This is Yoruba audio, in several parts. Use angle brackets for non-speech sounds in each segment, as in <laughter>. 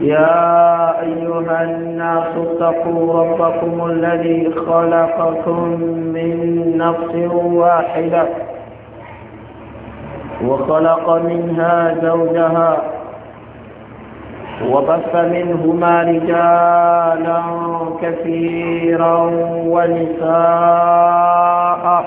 يا أيها الناس اتقوا ربكم الذي خلقكم من نفس واحدة وخلق منها زوجها وبث منهما رجالا كثيرا ونساء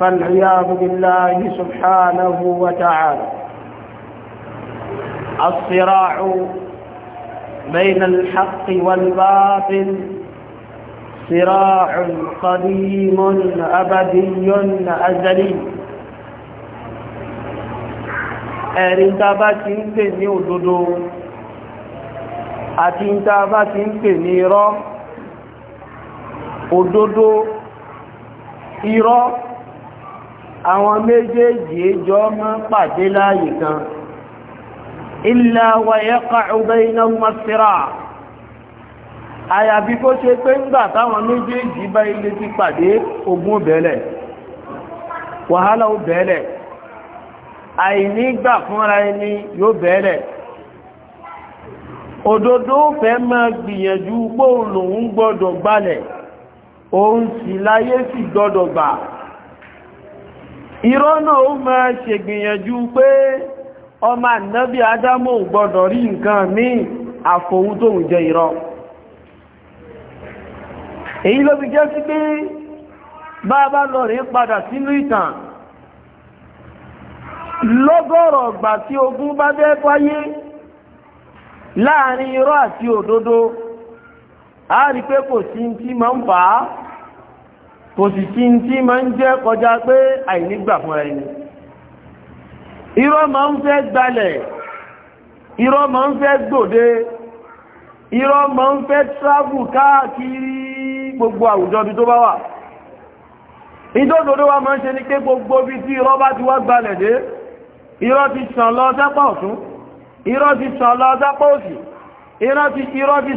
فالعياذ بالله سبحانه وتعالى الصراع بين الحق والباطل صراع قديم أبدي أزلي ẹ̀rí tá bá ودودو ń pè ní òdodo àwọn méjèèjì ẹjọ́ máa pàdé láàyè kan illa wa yaqa'u baynahuma as-sira' àyàbí kó ṣe pé ńgbà táwọn méjèèjì bá ilé ti pàdé ogun bẹ̀lẹ̀ wàhálà ó bẹ̀lẹ̀ àìnígbà fúnra ẹni yóò bẹ̀lẹ̀ òdodo fẹ́ máa gbìyànjú pé òun gbọ́dọ̀ gbalẹ̀ òun sì láyé sì gbọ́dọ̀ gbà irọ́ náà ó máa ṣègbìyànjú pé ọmọ ànábì Ádámù ò rí nǹkan ní àfòhú tó ń jẹ irọ́ èyí ló fi jẹ́ sí pé bá bá lọ rí padà sínú ìtàn lọ́gọ́rọ̀ ọgbà tí ogun bá bẹ́ wáyé láàrin irọ́ àti òdodo a rí pé kò sí máa ń kò sì kí n tí máa ń jẹ́ kọjá pé àìnígbà fún ẹni irọ́ máa ń fẹ́ gbalẹ̀ irọ́ máa ń fẹ́ gbòde irọ́ máa ń fẹ́ travel káàkiri gbogbo àwùjọ bí tó bá wà ìjọ́dọ̀dọ́ wa máa ń ṣe ní pé gbogbo bí tí irọ́ bá ti wá gbalẹ̀ dé irọ́ ti sàn lọ sápá ọ̀tún irọ́ ti sàn lọ sápá òsì irọ́ ti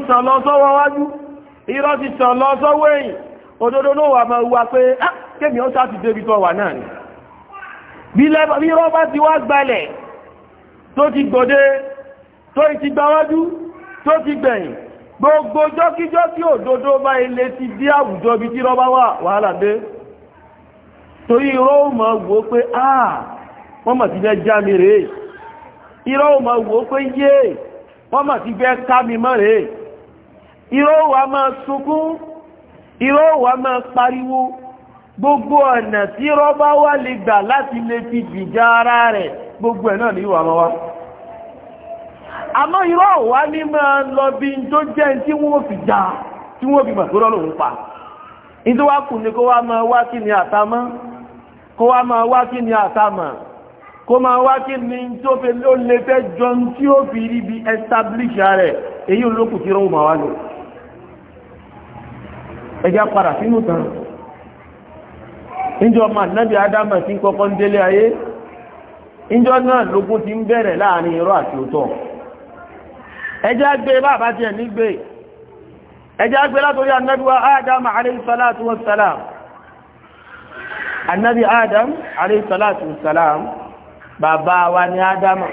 sàn lọ sọ́wọ́ irọ́ ti sàn lọ sọ́wọ́ ẹ̀yìn òdodo ló wà máa wá pé ah, kémi ó sáà ti débi tó wà náà ni bí rọ́bà ti wá gbalẹ̀ tó ti gbòde tó ti gbáwájú tó ti gbẹ̀yìn gbogbo jọ́kíjọ́ tí òdodo bá ilé ti dí àwùjọ bí tí rọ́bà wà wàhálà dé torí irọ́ ò máa wò pé àà ah, wọ́n mọ̀ ti fẹ́ já mi rèé irọ́ ò máa wò pé yé wọ́n mọ̀ ti fẹ́ ká mi mọ́ rèé irọ́ wà máa sunkún irọ́ wa máa pariwo gbogbo ọ̀nà tí rọ́bá wà lè gbà láti lè fi jìjà ara rẹ̀ gbogbo ẹ̀ náà ní ìwà wa àmọ́ wa ní máa lọ bí n tó jẹ́ tí wọ́n fi jà tí wọ́n fi mọ̀ tó pa ni tó fi lè fẹ́ jọ tí ó fi rí bí ẹjá padà sínú tán ìjọ ọmọ ànábì adama tí ń kọ́kọ́ ń délé ayé ìjọ náà lógún ti ń bẹ̀rẹ̀ láàrin irọ́ àti òótọ́ ẹjá gbé bàbá tiẹ̀ nígbè ẹjá gbé látòrí ànábì wa adama alayhi salatu wa salam ànábì adam alayhi salatu wa salam bàbá wa ni adama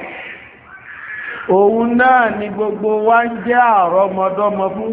òun náà ni gbogbo wa ń jẹ́ àrọ́mọdọ́mọ fún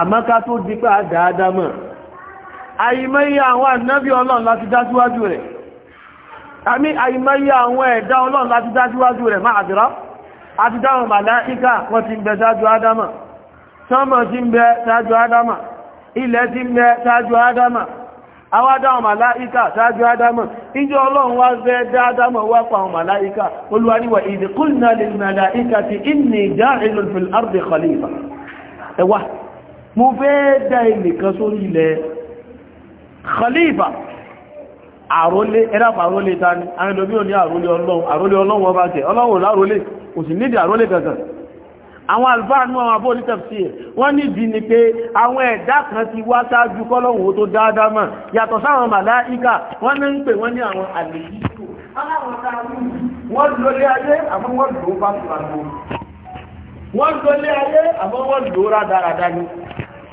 àmọ́ká tó dípà dáadáa mọ̀ àìmọ́yí àwọn ànábí ọlọ́run láti dájúwájú rẹ̀ àmì àìmọ́yí àwọn ẹ̀dá ọlọ́run láti dájúwájú rẹ̀ máa àdìrá àti dáwọn màláíkà wọ́n ti ń bẹ ṣáájú ádámà sánmọ̀ ti ń bẹ ṣáájú ádámà ilẹ̀ ti ń bẹ ṣáájú ádámà àwọn dáwọn màláíkà ṣáájú ádámà ìjọ ọlọ́run wá fẹ́ dáadámà wá pa àwọn màláíkà olúwaríwà idh qulna lil malaikati inni ja'ilun fil ardi khalifa ẹwà mo fẹ́ dá ẹnìkan sórí ilẹ̀ khalifa àrólé ẹ̀dàpà àrólé dání àwọn ìlòmí ò ní àrólé ọlọ́run àrólé ọlọ́run ọba jẹ ọlọ́run ò lárólé kò sì nídìí àrólé kankan àwọn alfáànú àwọn abó ní tafsir wọ́n ní ìdí ni pé àwọn ẹ̀dá kan ti wá sáájú kọ́lọ́hun tó dáadáa yàtọ̀ sáwọn màláíkà wọ́n ní ń pè wọ́n ní àwọn àlèyí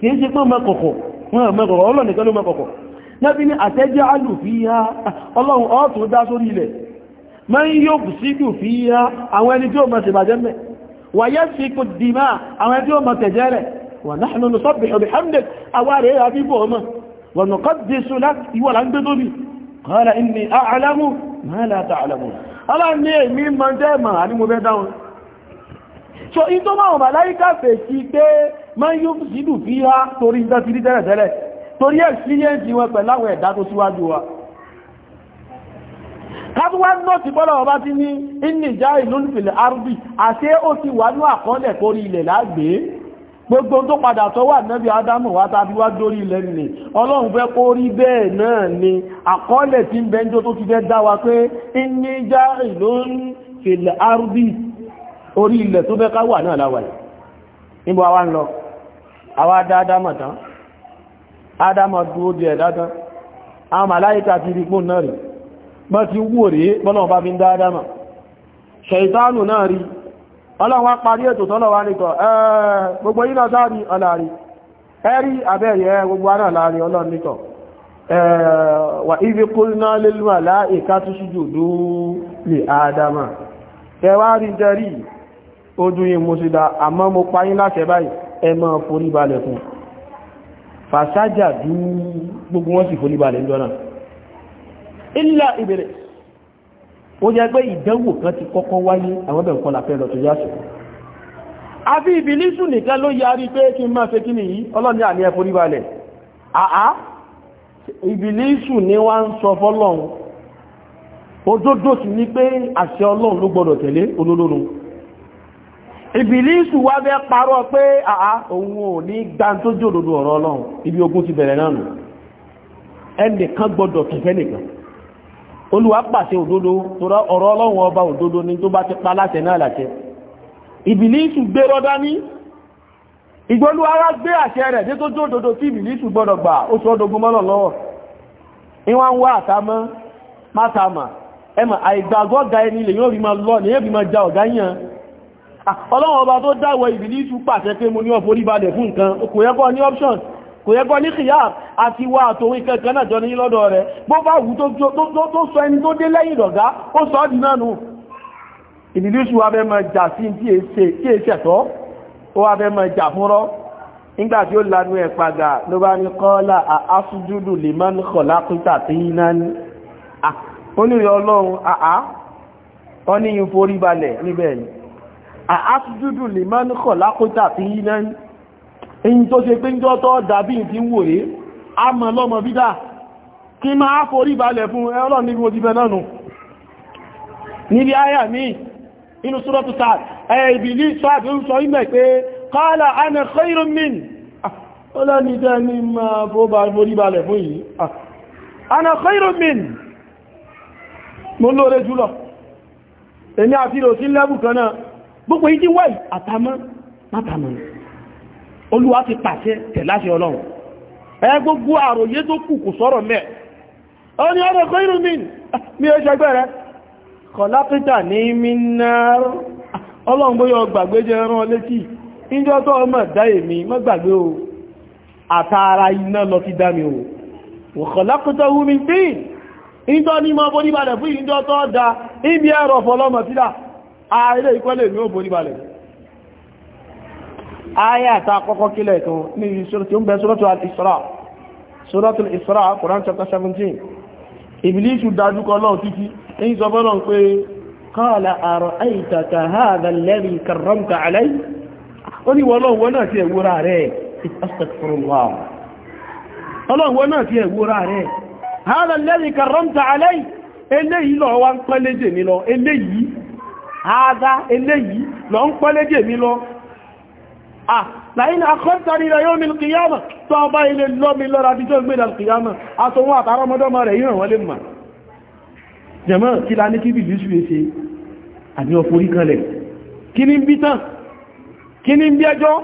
kìí ṣe pé mẹ́kọ̀kọ̀ wọ́n mẹ́kọ̀kọ̀ ọlọ́nìkan ló mẹ́kọ̀kọ̀ lẹ́bí ní àtẹ́jẹ́ alù fi ya ọlọ́run ọ́tún dá sórí ilẹ̀ mẹ́ yóò sídù fi ya àwọn ẹni tí ó mọ̀ ṣèbàjẹ́ mẹ́ wà yẹ́ sí kò dìmá àwọn ẹni tí ó mọ̀ tẹ̀jẹ́ rẹ̀ wà náà lọ́nà sọ́bẹ̀ ọ̀bẹ̀ hamdẹ̀ àwárẹ̀ àbíbọ̀ ọmọ wà nùkọ́ dìsù láti máa yóò sídù fi há torí ìdá ti rí tẹ́lẹ̀tẹ́lẹ̀ torí ẹ̀síyẹ́ǹsì wọn pẹ̀láwọ̀ ẹ̀dá tó síwájú wa kábúwá náà ti bọ́lá ọba ti ní ìnìjà ìlú nípìnlẹ̀ arúbí àti ó ti wà ní àkọọ́lẹ̀ torí ilẹ̀ lágbé gbogbo tó padà tó wà nẹ́bí Ádámù wá tàbí wá dórí ilẹ̀ nì Ọlọ́run fẹ́ kó rí bẹ́ẹ̀ náà ni àkọọ́lẹ̀ tí ń bẹ́ńjọ́ tó ti fẹ́ dá wa pé ìnìjà ìlú nípìnlẹ̀ arúbí orí ilẹ̀ tó fẹ́ ká náà láwàá àwa dáadáma tán ádámà dúró di ẹ̀dá tán àwọn màláìkà ti rí pún náà rí bọ́ ti wú rí bọ́nà bá fi ń dáadáma ṣẹ̀ìtánù náà rí ọlọ́wọ́ parí ètò tọ́lọ̀wà nìkọ̀ gbogbo yínà sáàrí ọlárí ẹ̀rí àbẹ́yẹ gbogbo ara láàrin ọlọ́run nìkọ̀ wà ibi qulna lil malaikati sujudu li Adama kẹwàá rí jẹ́rí ojú yìí mo sì dá àmọ́ mo pa láṣẹ báyìí ẹ máa forí balẹ̀ fún fàṣájà dú gbogbo wọn sì forí balẹ̀ ńjọ́ náà ilá ìbẹ̀rẹ̀ ó jẹ́ pé ìdánwò kan ti kọ́kọ́ wáyé àwọn bẹ̀rẹ̀ kọ́lá fẹ́ lọ tó yásù àfi ìbìlísù nìkan ló yarí pé kí n máa fẹ́ kí nìyí ọlọ́ni àní ẹ forí balẹ̀ àá ìbìlísù ni wá ń sọ fọ́lọ́run òdodo sì ni pé àṣẹ ọlọ́run ló gbọ́dọ̀ tẹ̀lé olólórun ìbìlísù wá bẹ́ parọ́ pé àá òun ò ní gbá tó jòdòdó ọ̀rọ̀ ọlọ́run ibi ogun ti bẹ̀rẹ̀ náà nù ẹnìkan gbọdọ̀ kẹfẹ́ nìkan olúwa pàṣẹ òdodo tọ́rọ ọ̀rọ̀ ọlọ́run ọba òdodo ni tó bá ti pa láṣẹ náà láṣẹ ìbìlísù gbé rọ́dá ní ìgbólúwa wá gbé àṣẹ rẹ̀ dé tó jòdòdó tí ìbìlísù gbọdọ̀ gbà ó sọ ọdọgbọmọ náà lọ́wọ́ ìwọ̀n wá àtàmọ́ mátàmà ẹmà àìgbàgbọ́gà ẹni lè yóò rí máa lọ ní ẹbí máa ja ọ̀gá yàn Ah, ọlọ́wọ́ ọba tó dáwọ̀ ìbìlísù pàṣẹ pé mo ní ọ forí balẹ̀ fún nǹkan kò yẹ kó ní options kò yẹ kó ní kìyà àti wà àtòwìn kankan náà jọ ní lọ́dọ̀ rẹ̀ bó bá wù tó sọ ẹni tó dé lẹ́yìn lọ̀gá ó sọ ọ́ dì náà nù ìbìlísù wa fẹ́ máa jà sí tí èsẹ̀ tọ́ ó wá fẹ́ máa jà fúnrọ́ nígbà tí ó lanu ẹ̀ padà ló bá ní kọ́lá àásùjúdù lè máa ń kọ̀ lákútà tí iná ní ó ní ìyọ́ ọlọ́run àá ó ní ìforíbalẹ̀ níbẹ̀ ni àásùdúdù lè máa ń kọ̀ lákòótà fi yí náà èyí tó ṣe pé ń jọ́ tọ́ dàbí ìfi wò é a mọ̀ lọ́mọ bídà kí máa forí balẹ̀ fún ẹlọ́ níbi mo ti náà nù níbi àyà mi inú súrọ́tù sáà ẹ̀ẹ̀bì gbogbo ìdí wáyì àtàmọ́ látàmọ́ olúwa ti pàṣẹ tẹ̀láṣẹ ọlọ́run ẹ gbogbo àròyé tó kù kò sọ̀rọ̀ mẹ́ ọ ni ọ̀rọ̀ kọ́ irú mi mi ò ṣẹgbẹ́ rẹ kọ̀lápítà ní mínáró ọlọ́run bóyọ gbàgbé jẹ rán létí ìjọ tó ọmọ dá èmi mọ́ gbàgbé o àtàrà iná lọ ti dá mi o kọ̀lápítà wú mi tí ìjọ ní mọ́ bó níbàdẹ̀ fún ìjọ tó dá ibi ẹ̀rọ fọlọ́mọ̀ sílá ààrẹ ah, ìkọ́lẹ̀ ní ó borí balẹ̀ ayé àta àkọ́kọ́ kílẹ̀ tó ní ìṣòròtí ó ń bẹ sóròtò al-Isra sóròtò al-Isra Quran chapter 17 ìbìlísù dájúkọ náà títí ní ìsọfọ́nà pé qala ara'aytaka hadha alladhi karramta alayhi ó ní wọ́lọ́wọ́ náà ti ẹ̀wúra rẹ̀ astaghfirullah ọlọ́wọ́ náà ti ẹ̀wúra rẹ̀ hadha eléyìí lọ wá ń pẹ́lẹ́jẹ̀ nílọ eléyìí àádá eléyìí lọ ń pọ́ léjè mi lọ láyín akọ́ntàrí ilẹ̀ yóò mìí kìyàmà tó ọba ilé lọ́mi lọ́ra bí tó ń gbéra kìyàmà àtọwọ́ àtàrọmọdọ́mọ rẹ̀ yíran wọlé mà jẹ̀mọ́ kí la ní kíbi lùsù èsè àní ọ̀fórí kanlẹ̀ kí ní bí tán kí ní bí ẹjọ́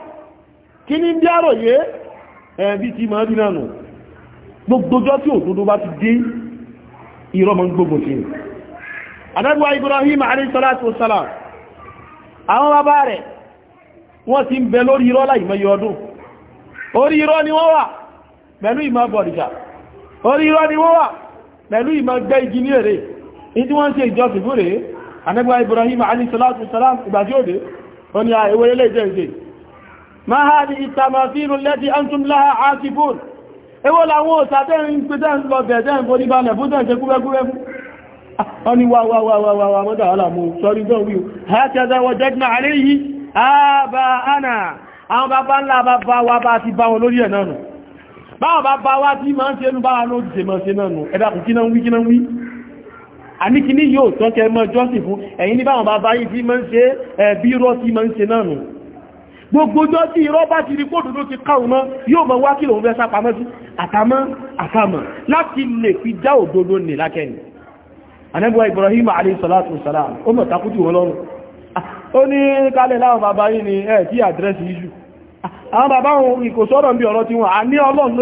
kí ní bí àròyé ẹ̀bí ti máa bí náà nù gbogbojọ́ tí òdodo bá ti dé ìrọ́mọ́ gbogbo sí anábíwá Ibrahim alayhisalatu wasalam àwọn bàbá rẹ̀ wọ́n ti ń bẹ lórí irọ́ láì mẹ́yọ ọdún orí irọ́ ni wọ́n wà pẹ̀lú ìmọ̀ bọ̀dìjà orí irọ́ ni wọ́n wà pẹ̀lú ìmọ̀ gbẹ́ igi ní èrè ìdí wọ́n ṣe ìjọsìn fún rèé anábíwá Ibrahim alayhisalatu wasalam ìgbà tí ó dé ó ní àìwé ilé ìjẹ́ ìjẹ́ ma ha ni ìtàmàfíìnù lẹ́tí antum Ah, wọ́n ni wáwáwáwáwá mọ́dá aláàmù sọ́rí gọ́wí hátẹ́dá wajadna alayhi abaana àwọn bàbá ńlá bàbá wa bá ti bá wọn lórí ẹ̀ náà nù báwọn bàbá wa tí máa ń ṣe ẹnu báwa ló jẹ máa ṣe náà nù ẹ̀dà kù kíná wí kíná wí àníkíní yóò tọ́kẹ mọ́ jọ́sìn fún ẹ̀yìn ní báwọn bàbá yìí tí máa ń ṣe ẹ̀bí rọ́ tí máa ń ṣe náà nù gbogbo ọjọ́ tí irọ́ bá ti rí kóòdòdó ti káwọn mọ́ yóò mọ̀ wá kí lòun fẹ́ sápamọ́ sí àtàmọ́ àtàmọ́ láti lè fi já òdodo nì lákẹ́ni anẹ́bùwa Ibrahim aleyhisselam ó mọ̀ takútù wọn lọ́rùn ó ní kálẹ̀ láwọn bàbá yìí ni ẹ̀ tí àdírẹ́sì iṣu àwọn bàbá wọn ìkò sọ́rọ̀ bí ọ̀rọ̀ tí wọ́n a ní Ọlọ́run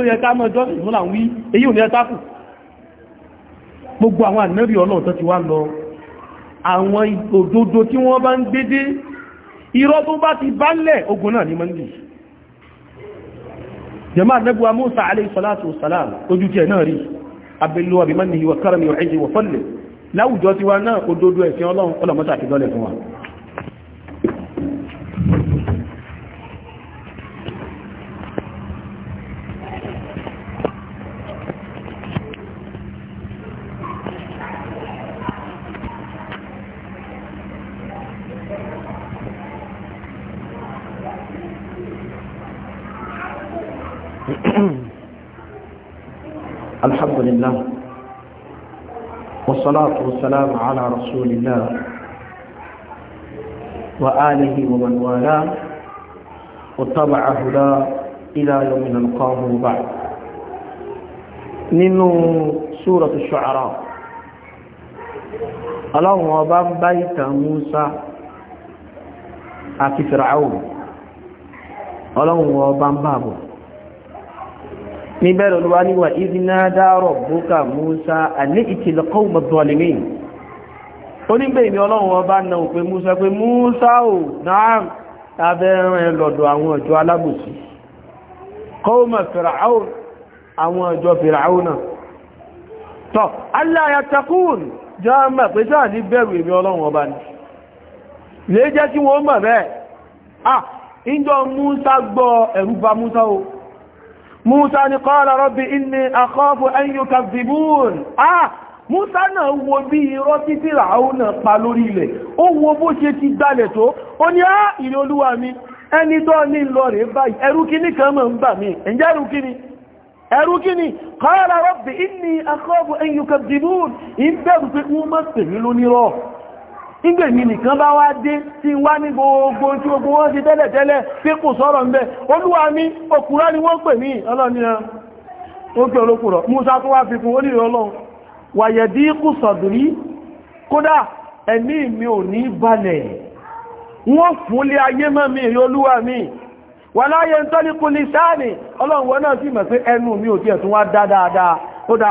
gbogbo àwọn ànẹ́bì Ọlọ́run tó ti wá lọ àwọn òdodo tí wọ́n bá ń gbédé irọ́ tó bá ti bá lẹ̀ ogun náà ní mọ́ndì jẹ́mà ànẹ́bùwa Musa aleyhisselam ojú tí ẹ̀ náà rí abẹ́lú àbímọ́ láwùjọ tiwa náà òdodo ẹ̀sìn ọlọ́run ọlọ́mọ́ta ti lọ́lẹ̀ fún wa <clears throat> Alhamdulillah والصلاة والسلام على رسول الله وآله ومن والاه واتبع هداه إلى يوم نلقاه بعد nínú سورة الشعراء ọlọ́run ọba ń bá ìtàn Musa àti Fir'aun ọlọ́run ọba níbẹ̀rẹ̀ olúwa níwà ìdínà dárọ̀ bókà Musa àní ìtìlẹ̀kọ́ mọ̀tọ́lẹ̀mí onígbè ìmì ọlọ́run ọba na òpé Musa pé Musa ò náà abẹ́rẹ̀ lọ́dọ̀ àwọn ọjọ́ alábòsí kọ́ọ̀mọ̀ fìràáùn àwọn ọjọ́ fìràáùn náà tọ́ aláyàtàkùn já mọ̀ pé sáà ní bẹ̀rù ìmì ọlọ́run ọba ni ìjọ Musa gbọ́ ẹ̀rù Musa o Musa ni qala rabbi inni akhafu an yukadhibun ah Musa náà wo bí irọ́ títí ràún náà pa lórí ilẹ̀ ó wo bó ṣe ti gbalẹ̀ tó ó ní á ah, ìrẹ́ olúwa mi ẹni tó ní lọ rẹ̀ báyìí ẹrú kíní kan mọ̀ ń bà mí ǹjẹ́ ẹrú kíní ẹ̀rú kí ni qala rabbi inni akhafu an ìbẹ̀rù pé wọ́n mọ́ pèmí lónírọ̀ nígbè mi nìkan bá wá dé tí wá ní gbogbo tí gbogbo wọ́n ti tẹ́lẹ̀ pé kò sọ̀rọ̀ ń olúwa mi òkúrá ni wọ́n pè Musa tó wá fi fún onírin ọlọ́run wàyẹ̀dí kù sọ̀dùrí kódà ẹ̀mí mi ò ní balẹ̀ wọ́n fún lé ayé mọ́ mi olúwa mi wà láyé ń ní sáàni ọlọ́run pé ẹnu mi ò tiẹ̀ tún wá dáadáa kódà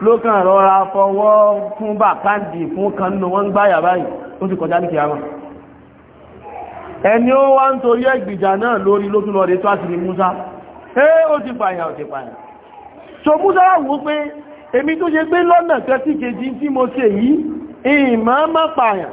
lókàn rọra fọwọ́ fún bà káàdì fún kan nù wọ́n gbáyà báyìí ó sì kọjá ní kìyàmà ẹni ó wá ń torí ẹgbìjà náà lórí ló tún lọ rẹ̀ tó àṣírí Musa ẹ́ ó ti pààyàn ó ti pààyàn so Musa wù pé èmi tó ṣe pé lọ́nà kẹtíkejì tí mo ṣe yìí ìmọ̀ má pààyàn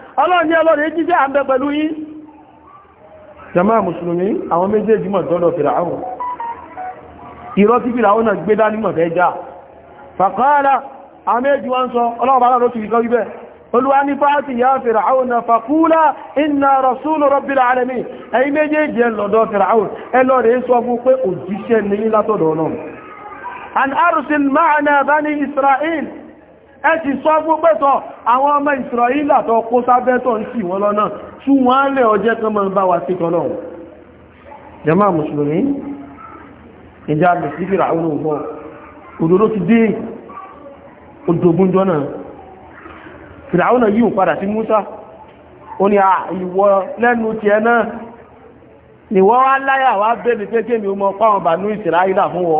ọlọ́run ní ọlọ́run jíjẹ́ àbẹ pẹ̀lú yí jama musulmi àwọn méjèèjì mọ̀ tọ́lọ̀ fìràáhùn ìrọ́ tí fìràáhùn náà gbé dání mọ̀ fẹ́ já fàkọ́ọ́lá àwọn méjì wọ́n sọ ọlọ́run bá lọ́rọ̀ tìrìkọ́ wíbẹ̀ olúwa ní fáàtì ya fìràáhùn fàkúlá iná rasúlù rọ́bìlà alẹ́mí ẹ̀yí méjèèjì ẹ lọ́dọ̀ fìràáhùn ẹ lọ rẹ̀ sọ ẹ ti sọ fún pẹ́tọ̀ àwọn ọmọ Ísírẹ́lì tó kó sábẹ́tọ̀ ń sì wọ́n lọ́nà tún wọ́n lẹ́ ọjẹ́ kan mọ́ bá wa sí tọ́lọ́run jàmá mùsùlùmí ìjà lè sí fìrà àwọn ògbọ́ òdòdó ti dé òdògúnjọ́ náà fìrà àwọn yìí ò padà sí Músà ó ní ìwọ lẹ́nu tiẹ̀ náà ni wọ́n wá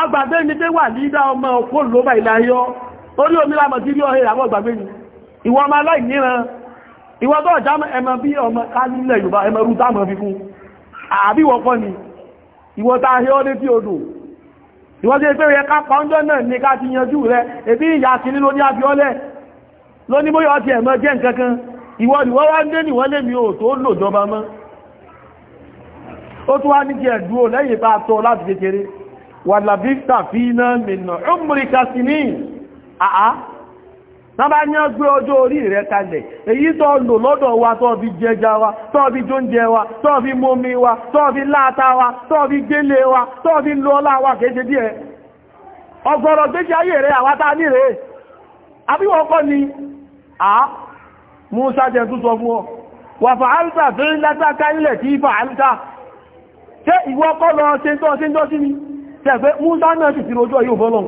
ọgbàgbé ní pé wà lídá ọmọ òkú lóbà ìlàyọ́ orí omi lámọ̀ tí rí ọ̀hẹ́ àwọn ọgbàgbé ni ìwọ ọmọ aláìníran ìwọ tó ọjá ẹmọ bí ọmọ kálílẹ̀ Yorùbá ẹmọ rú dámọ̀ fi fún àbí wọ́pọ̀ ni ìwọ ta ahẹ́ ọdé tí odò ìwọ tí pé ẹka pọ́njọ́ náà ní ká ti yanjú rẹ ebí ìyá kìíní ló ní abiọ́lẹ̀ ló ní bóyá ọtí ẹ̀mọ jẹ́ nkankan ìwọ ni wọ́n wá ń dé ní wọ́n lè mi ò tó lò jọba mọ́ ó tún wá ní ti ẹ̀dúró lẹ́yìn bá tọ́ láti kékeré wàlàbíta fi iná mìnà ọmọríkà sí ní àá náà ní ọgbé ọjọ́ orí rẹ̀ kalẹ̀ èyí tó lò lọ́dọ̀ wa tó fi jẹja wa tó fi jóúnjẹ wa tó fi momi wa tó láta wa tó fi wa tó fi lo ọlá wa kéèṣe díẹ̀ ọgbọ̀rọ̀ gbéṣi ayé rẹ̀ àwátá ní rẹ̀ àbíwọ̀kọ́ ni àá mú sájẹ̀ tó sọ fún ọ wà fàáltà fẹ́ látàkà ilẹ̀ ìwọ́kọ́ lọ ṣe tó ṣe ń dọ́ sí ni tẹ́gbẹ́ Musa náà sì ti rojú ọyí òfọ́lọ́n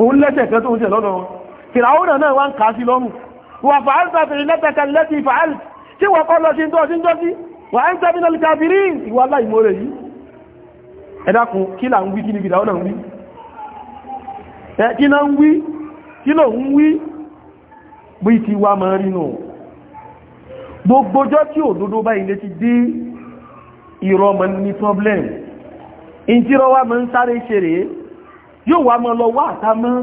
òun lẹ́sẹ̀ kan tó ń tẹ̀ lọ́nà wọn Fìràwọ́nà náà wá ń kà sí lọ́rùn wà fàáìsà fèrè lẹ́tẹ̀kẹ́ lẹ́tì fàáìl tí wọ́n kọ́ lọ sí tó ọdún jọ́sí wà ń tẹ́bí náà kàfìrí ìwà láìmọ́rẹ̀ yìí ẹ dákun kí là ń wí kí báyìí lé ti dé ìrọmọ ní problem ìjírọ́ wá mọ́ ń sáré ṣe yóò wá mọ́ lọ wá àtàmọ́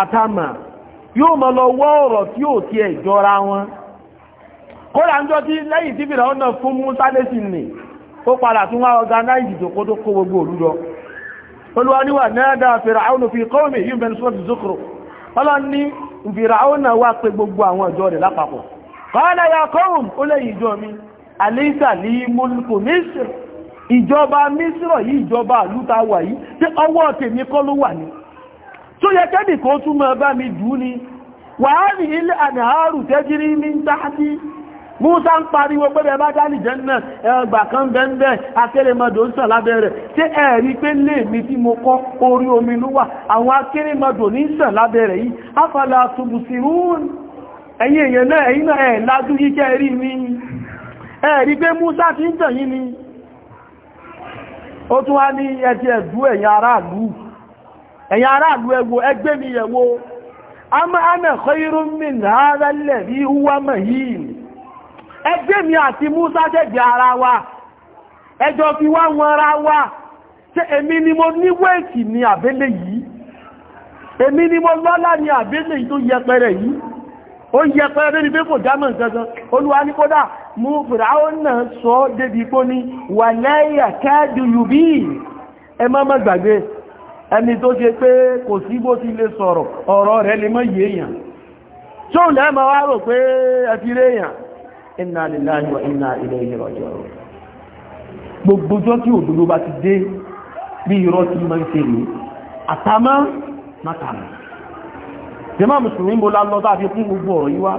àtàmà yóò mọ́ lọ wọ́ ọ̀rọ̀ tí ó ti ẹ̀jọra wọn kódà ń jọ tí lẹ́yìn tí fìlà ọ̀nà fún mú sáré sí nì ó padà tún wá ọ̀gánáìjì tó kó tó kó gbogbo fi gbogbo ìjọba mísírọ̀ yìí ìjọba àlúta wà yìí tí ọwọ́ tèmi kọ́ ló wà ní tó yẹ nìkan kó túnmọ̀ ọba mi dùn ni ilé tẹ́jírí ní dáadí Músa ń pariwo pé bẹ bá jẹ́nà ẹgbà kan bẹ́ẹ̀ ń sàn tí ẹ̀rí pé omi ló wà àwọn ní sàn lábẹ́ yìí afala tubusirun ẹ̀yin èèyàn náà ẹ̀yin náà ẹ̀ lájú yíkẹ́ rí ti ń ó tún wá ní ẹtí ẹ̀dú ẹ̀yìn aráàlú ẹ̀yìn aráàlú ẹwọ ẹgbẹ́ mi yẹ̀wó ama ana khairun min mi Musa jẹ́gbẹ́ ara wa fi wa emi ni mo ni yìí ni mo ní àbẹ́lẹ̀ kò dámọ̀ olúwa ní kódà mú fìràwọ́n náà sọ débi pó ní wà láyà káàdù yùbí ẹ má má gbàgbé ẹni tó ṣe pé kò sí bó ti lè sọ̀rọ̀ ọ̀rọ̀ rẹ̀ lè mọ́ yéèyàn tó lẹ́mọ̀ wá rò pé ẹfìrẹ́ èèyàn inna lillahi wa inna ilayhi raji'un gbogbo jọ́ tí òdodo bá ti dé bí irọ́ tí mọ́ ń ṣe rèé àtàmọ́ mátàmọ́ jẹ́mọ́ mùsùlùmí mo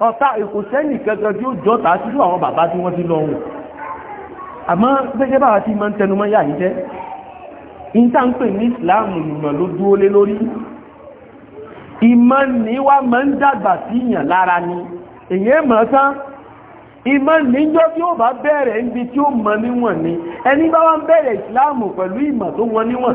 ọ̀tá ìkò sẹ́nì kẹta tí ó jọta sínú àwọn bàbá tí wọ́n ti lọ hùn àmọ́ gbẹ́gẹ́ bàbá tí ma ń tẹnumọ́ yà yìí jẹ́ ìta ń pè ní ìsìláàmù ìmọ̀ ló dúró lé lórí ìmọ̀ ní wá ma ń dàgbà sí ìyàn lára ni èyí mọ̀ tán ìmọ̀ níjọ́ tí ó bá bẹ̀rẹ̀ níbi tí ó mọ̀ níwọ̀n ni ẹni bá wọ́n bẹ̀rẹ̀ ìsìláàmù pẹ̀lú ìmọ̀ tó wọ́n níwọ̀n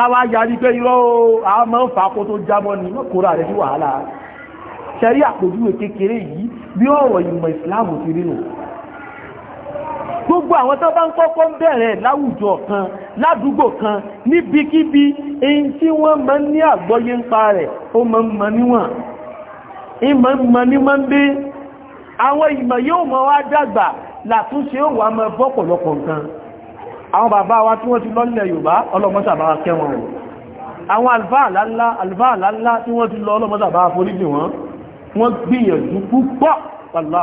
káwá yarí pé irọ́ àwọn máa ń fa kó tó jábọ́ ni mọ́kòrò rẹ̀ ní wàhálà ṣẹ̀rí àpòjúwe kékeré yìí bí ọ̀rọ̀ ìmọ̀ ìsìláàmù ti rí nù gbogbo àwọn tó bá ń kọ́kọ́ ń bẹ̀rẹ̀ láwùjọ kan ládùúgbò kan níbikíbi èyí tí wọ́n máa ń ní àgbọ́yé ń pa rẹ̀ ó máa ń mọ níwọ̀n ìmọ̀ ń mọ ní mọ́ ń bí àwọn ìmọ̀ yóò mọ́ wá dàgbà látúnṣe ó wà mọ́ bọ́pọ̀lọpọ̀ nǹkan àwọn bàbá wa tí wọ́n ti lọ́lẹ̀ Yorùbá ọlọ́mọ́sàbá kẹwọn rẹ̀ àwọn alfáà lálá tí wọ́n ti lọ ọlọ́mọ́sàbá foríjì wọn wọ́n gbìyànjú púpọ̀ pàlá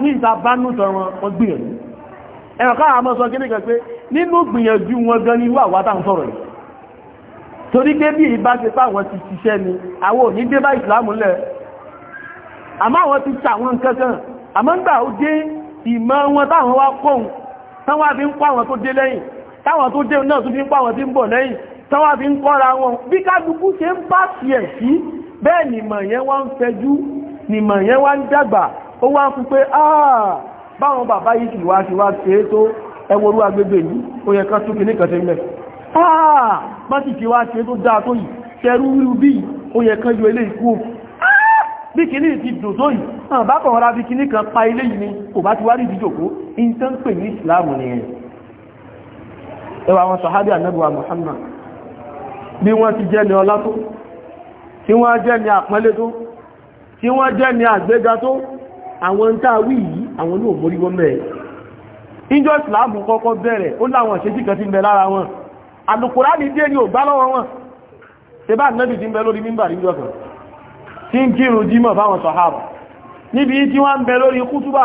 ní ìtàbánútọ̀ wọn wọ́n gbìyànjú ẹ̀rọ̀ká àmọ́ sọ kíníkà pé nínú gbìyànjú wọn gan ní wà wátà ń sọ̀rọ̀ yìí torí pé bí ìbá ti fáwọn ti ṣiṣẹ́ ni àwọn ò ní dé bá ìsìlámù lẹ̀ àmọ́ àwọn ti ṣàwọn kankan àmọ́ ń gbà ó dé ìmọ̀ wọn táwọn wá kọ́hùn táwọn àfi ń kọ́ àwọn tó dé lẹ́yìn táwọn tó dé náà tún fi ń kọ́ àwọn tí ń bọ̀ lẹ́yìn táwọn àfi ń kọ́ra wọn bí kálukú ṣe ń bá sí ẹ̀ sí bẹ́ẹ̀ nìmọ̀ yẹn wá ń fẹjú nìmọ̀ yẹn wá ń dàgbà ó wá ń fún pé àà ah, báwọn bàbá yìí kìí wá sí wá ṣe é bí kìíní ti dòdó yìí náà bá kọ̀ọ̀rá bí kìíní kan pa ilé yìí ni kò bá ti wá rí ìdíjòkó in ní ìsìláàmù ni ẹwà àwọn sàhábí ànábùwà Muhammad bí wọ́n ti jẹ́ ní ọlá tó tí wọ́n jẹ́ ní àpọ́nlé tó tí wọ́n jẹ́ ní àgbéga tó àwọn ń tàà wí yìí àwọn ní òmórí wọn mẹ́ẹ̀ ìjọ ìsìláàmù tí ń kírun jímọ̀ fáwọn sọ̀hábà níbi tí wọ́n ń bẹ lórí kútúbà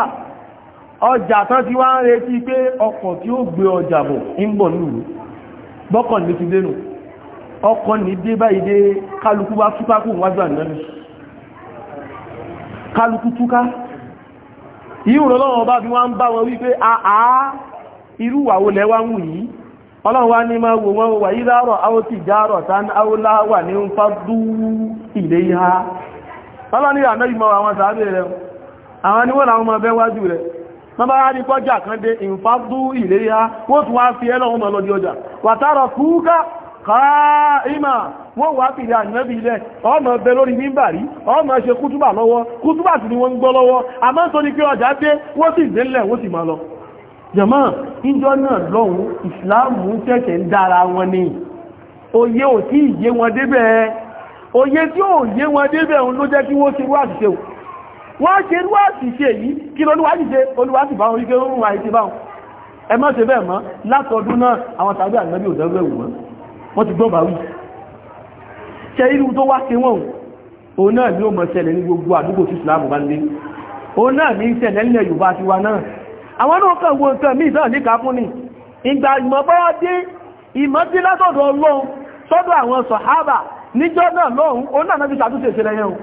ọjà tán tí wọ́n ń retí pé ọkọ̀ tí ó gbé ọjà bọ̀ ń bọ̀ ní ti dénú ọkọ̀ ní dé báyìí dé kálukú bá wájú ọlọ́run wá ní máa wò wọ́n wà láàrọ̀ ọlọ́ni ànábì mọ́ àwọn sàábé rẹ̀ àwọn ni wọ́n làwọn ọmọ ẹgbẹ́ wájú rẹ̀ wọ́n bá rí kọjá kan dé ìfàdú ìléyá wọ́n tún wá fi ẹlọ́wọ́n mọ̀ lọ́dí ọjà wàtàrà kúúkà káàímà wọ́n wá pìlẹ̀ ànábì ilẹ̀ ọmọ ọbẹ̀ lórí mímbàrí ọmọ ṣe kútúbà lọ́wọ́ kútúbà sì ni wọ́n ń gbọ́ lọ́wọ́ àmọ́ ni òye ò tí òye tí ó yé wọn débẹ̀ òun ló jẹ́ kí wọ́n ṣe rú àṣìṣe wọ́n ṣe rú àṣìṣe yìí kí lọ́lúwà ṣìṣe olúwà sì bá wọn wípé ó rùn àìsí bá wọn ẹ má ṣe bẹ́ẹ̀ mọ́ látọdún náà àwọn tàbí àgbẹ̀bí náà ni ó mọ̀ ṣẹlẹ̀ ní gbogbo àdúgbò tí wo nǹkan míì náà níka fún ni ìgbà ìmọ̀ bá dé ìmọ̀ dé látọ̀dọ̀ Ọlọ́run sọ́dọ̀ àwọn sàhábà níjọ́ náà lọ́hun ó náà náà fi sàtúnṣe ìṣẹ̀lẹ̀ yẹn o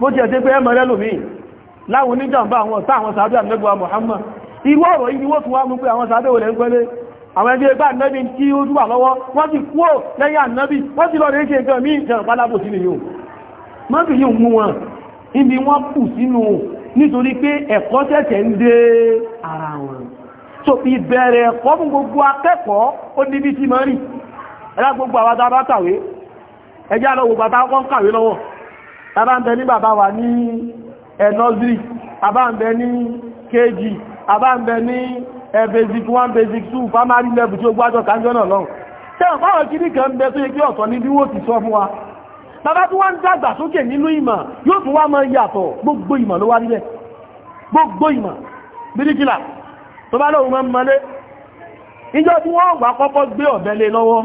bó ti ẹ̀sẹ̀ pé ẹmọ rẹ lòmí láwọn oníjàmbá àwọn ọ̀tá àwọn sàábẹ́ àmẹ́gbà Muhammad irú ọ̀rọ̀ yìí ni wọ́n tún wá mú pé àwọn sàábẹ́ olè ń pẹ́lẹ́ àwọn ẹgbẹ́ ẹgbẹ́ ànábì tí ó túwà lọ́wọ́ wọ́n ti kúò lẹ́yìn ànábì wọ́n ti lọ rẹ̀ ṣe nǹkan míì jẹun pálábò sí nìyàn mọ́bì yìí mú wọn ibi wọ́n kù sínú nítorí pé ẹ̀kọ́ tẹ̀tẹ̀ so ìbẹ̀rẹ̀ ẹ̀kọ́ fún gbogbo akẹ́kọ̀ọ́ ó níbi tí mọ́rì ẹ̀rá gbogbo àwọn tá ẹjá lọ́wọ́ bàbá wọ́n kàwé lọ́wọ́ bàbá ń bẹ ní bàbá wà ní ẹ̀nọ́sírì bàbá ń bẹ ní kg bàbá ń bẹ ní basic 1 basic 2 primary level tí ó gbájọ kájọ náà lọ́rùn tẹ́wọ̀n fáwọn kìíní kan bẹ tó yẹ kí ọ̀tọ̀ ní bí wọ́n ti sọ fún wa bàbá tí wọ́n ń lọ́wọ́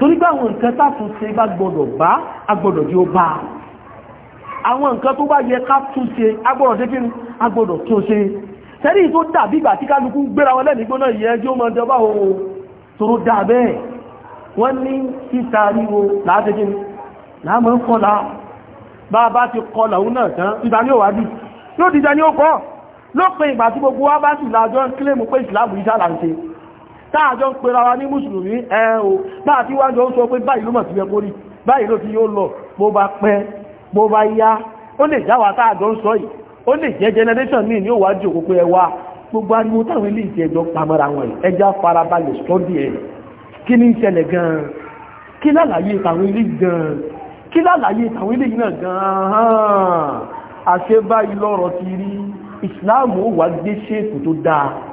torí pé àwọn nǹkan táàtún ṣe bá gbọdọ̀ bá agbọdọ̀ jí ó bá àwọn nǹkan tó bá yẹ ká tún ṣe agbọdọ̀ ṣe kí agbọdọ̀ tó ṣe tẹ́rí tó dàbí ìgbà tí kálukú gbéra wọn lẹ́nu gbóná ìyẹ́ jí ó mọ jọba o tóró dà bẹ́ẹ̀ wọ́n ní títa ríro láti kí láàmọ́ ń kọlà bá a bá ti kọlà òun náà tán títa ní òwádì yóò dìjà ní ó kọ́ lópin ìgbà tí gbogbo wa bá sì lájọ́ ń kílèmù pé táàjọ ń pera wa ní mùsùlùmí ẹ̀hò náà tí wájọ ń sọ pé báyìí ló mọ̀ sí ẹkórí báyìí ló ti yóò lọ bó bá pẹ́ bó bá yá ó lè jáwà táàjọ ń sọ yìí ó lè jẹ́ generation míì ní òwájú òkú pé ẹwà gbogbo ariwo táwọn ilé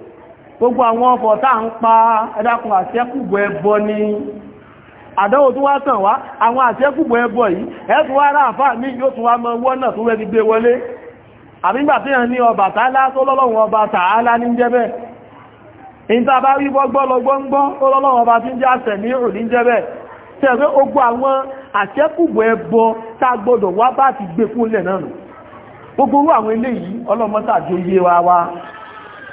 gbogbo àwọn ọkọ̀ tá ń pa ẹ̀dàkùn àṣẹ́kùbọ̀ ẹbọ ni àdánwò tó wá tàn wá àwọn àṣẹ́kùbọ̀ ẹbọ yìí ẹ̀tù wá rá àfáà mí yóò tún wá mọ wọ́nà tó rẹ̀ ti gbé wọlé àbígbà tí yàn ní ọba tààlá tó lọ́lọ́run ọba tààlá ní jẹ́bẹ̀ ìta bá rí gbọ́gbọ́lọgbọ́ngbọ́ tó lọ́lọ́run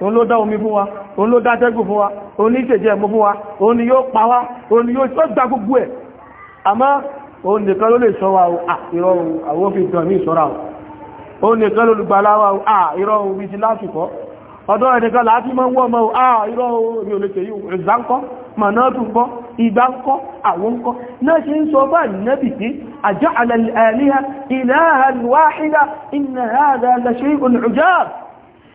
òun ló dá omi fún wa òun ló dá tẹ́gùn fún wa òun ní ìṣèjẹ́ ẹ̀mú fún wa òun ni yóò pa wá òun ni yóò gbá gbogbo ẹ̀ àmọ́ òun nìkan ló lè sọ wa ìrọ̀rùn àwọn òfin ìtàn ní ìṣọ́ra òun nìkan ló lùgbàlá wa ìrọ̀rùn ibi ti lásìkọ́ ọ̀dọ́ ẹnìkan láti mọ́ wọ́n mọ́ àà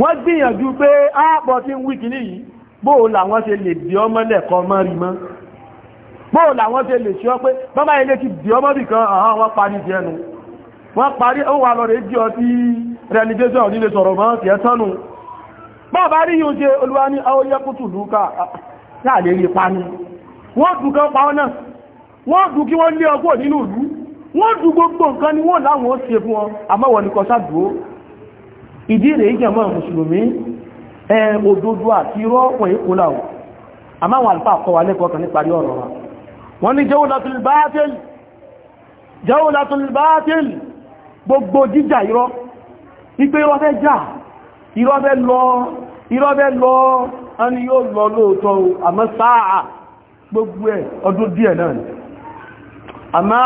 wọ́n gbìyànjú pé ààpọ̀ tí ń wíkì ní yìí bóò làwọn ṣe lè dí ọmọ lẹ́kọ̀ọ́ mọ́ rí mọ́ bóò làwọn ṣe lè ṣe ọ pé bọ́bá ilé ti dí ọmọ bì kan àwọn wọ́n parí ti ẹnu wọ́n parí ó wà lọ́rẹ̀ jí ọ tí relegation nílé sọ̀rọ̀ mọ́ ti ẹ̀sánù bọ́ọ̀bá rí yóò ṣe olúwa ní aóyẹ́kùtù lúkà láàlè rí pa ní wọ́n dùn kan pa ọ́nà wọ́n dùn kí wọ́n lé ọgbọ́ nínú ìlú wọ́n dùn gbogbo nǹkan ni wọ́n láwọn ó ṣe fún ọ àmọ́wọ̀ nìkan ṣáàdùó ìdí rẹ̀ ìjẹmọ́ mùsùlùmí òdodo àti irọ́ wọ̀n èkó láwọ̀ àmáwọn àlùfà àkọwà lẹ́kọ̀ọ́ kan níparí ọ̀rọ̀ wa wọ́n ní jawlatul batil jawlatul batil gbogbo jíjà irọ́ wípé irọ́ fẹ́ jà irọ́ fẹ́ lọ irọ́ fẹ́ lọ ẹni yóò lọ ni àmá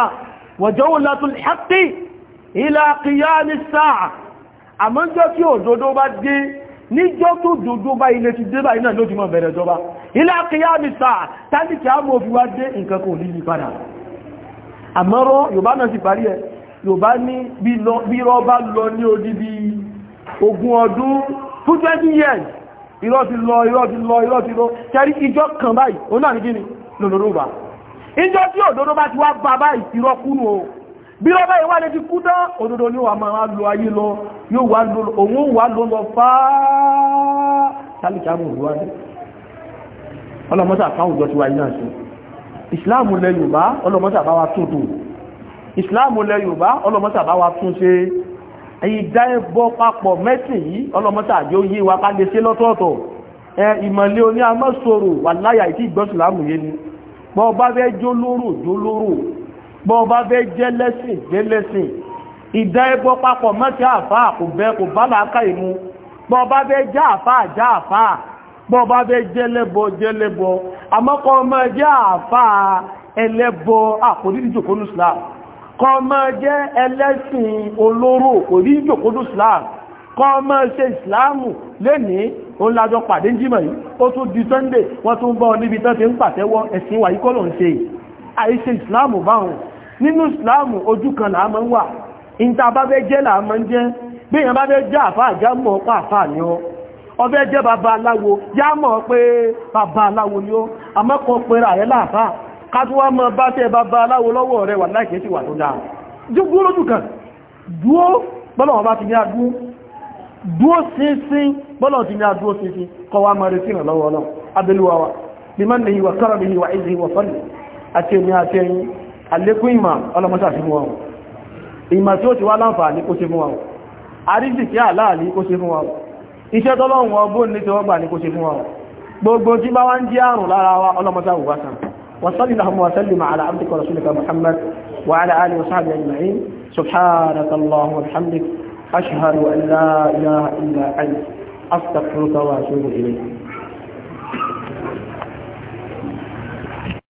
ila qiyam as-sa'a àmọ́ jọ́ tí òdodo bá dé níjọ́ tó dodo bá ilé ti dé báyìí náà ló ti mọ̀ bẹ̀rẹ̀ jọba ilé akíyàmìsà tálìkì àmọ́ òfin wá dé nǹkan kò ní yí padà àmọ́rọ́ yorùbá náà ti parí ẹ̀ yorùbá ní bírọ́ bá lọ ní odidi ogún ọdún fún 20 years irọ́ ti lọ bí lọ́bá ìwà lè ti kú tán òdodo ní wà máa lo ayé lọ yóò wà lò òun wà lò lọ fáá tálìkà mú ìwà rẹ̀ ọlọ́mọ́sà fáwọn ìjọ ti wà iná sí ìsìláàmù lẹ Yorùbá ọlọ́mọ́sà bá wa tún tò ìsìláàmù lẹ Yorùbá ọlọ́mọ́sà bá wa tún ṣe ìdá ẹbọ papọ̀ mẹ́sìn yìí ọlọ́mọ́sà yóò yé wa ká lè ṣe lọ́tọ̀ọ̀tọ̀ ẹ ìmọ̀lẹ́ oní amọ́sòrò wà láyà bọ́ ọba fẹ́ jẹ́ lẹ́sìn jẹ́ lẹ́sìn ìdá ẹgbọ́ papọ̀ mọ́tí àfà kò bẹ́ kò bá làákà ìmú bọ́ ọba fẹ́ já àfà já àfà bọ́ ọba fẹ́ jẹ́ lẹ́bọ jẹ́ lẹ́bọ àmọ́kọ́ ọmọ jẹ́ àfà ẹlẹ́bọ àkòrí ìjòkónú Islam kọ́ ọmọ jẹ́ ẹlẹ́sìn olóró òrí ìjòkónú Islam kọ́ ọmọ ṣe Ìsìláàmù lénìí òun lájọ pàdé jímọ̀ yìí ó tún di Sunday wọ́n tún bọ́ níbi tán ti ń pàtẹ́wọ́ ẹ̀sìn wàyíkọ́ lòun ṣe àìṣe Islam. báwọn nínú ìsìláàmù ojú kan là ń wà ìta bá fẹ́ jẹ́ là ń jẹ́ bí èèyàn bá fẹ́ jẹ́ àfá àjámọ̀ ọ̀pá àfá ọ ọbẹ̀ jẹ́ bàbá aláwo jámọ̀ pé bàbá aláwo ni ó àmọ́kọ̀ pẹ̀rẹ̀ àrẹ láàfá kátúwá mọ bá tẹ́ bàbá aláwo lọ́wọ́ rẹ̀ wà láìkẹ́ sí wà tó dáa dúró lójú kan ti àlékún ìmà ọlọ́mọ́sà sí fún wọn ìmà tí ó ti wá láǹfààní kó ṣe fún wọn àríṣìkí àláàlí kó ṣe fún wọn iṣẹ́ tọ́lọ́run ọgbọ́n ní tọwọ́gbà ní kó على عبدك ورسولك محمد وعلى آله وصحبه أجمعين سبحانك اللهم وبحمدك أشهد أن لا إله إلا أنت أستغفرك وأتوب إليك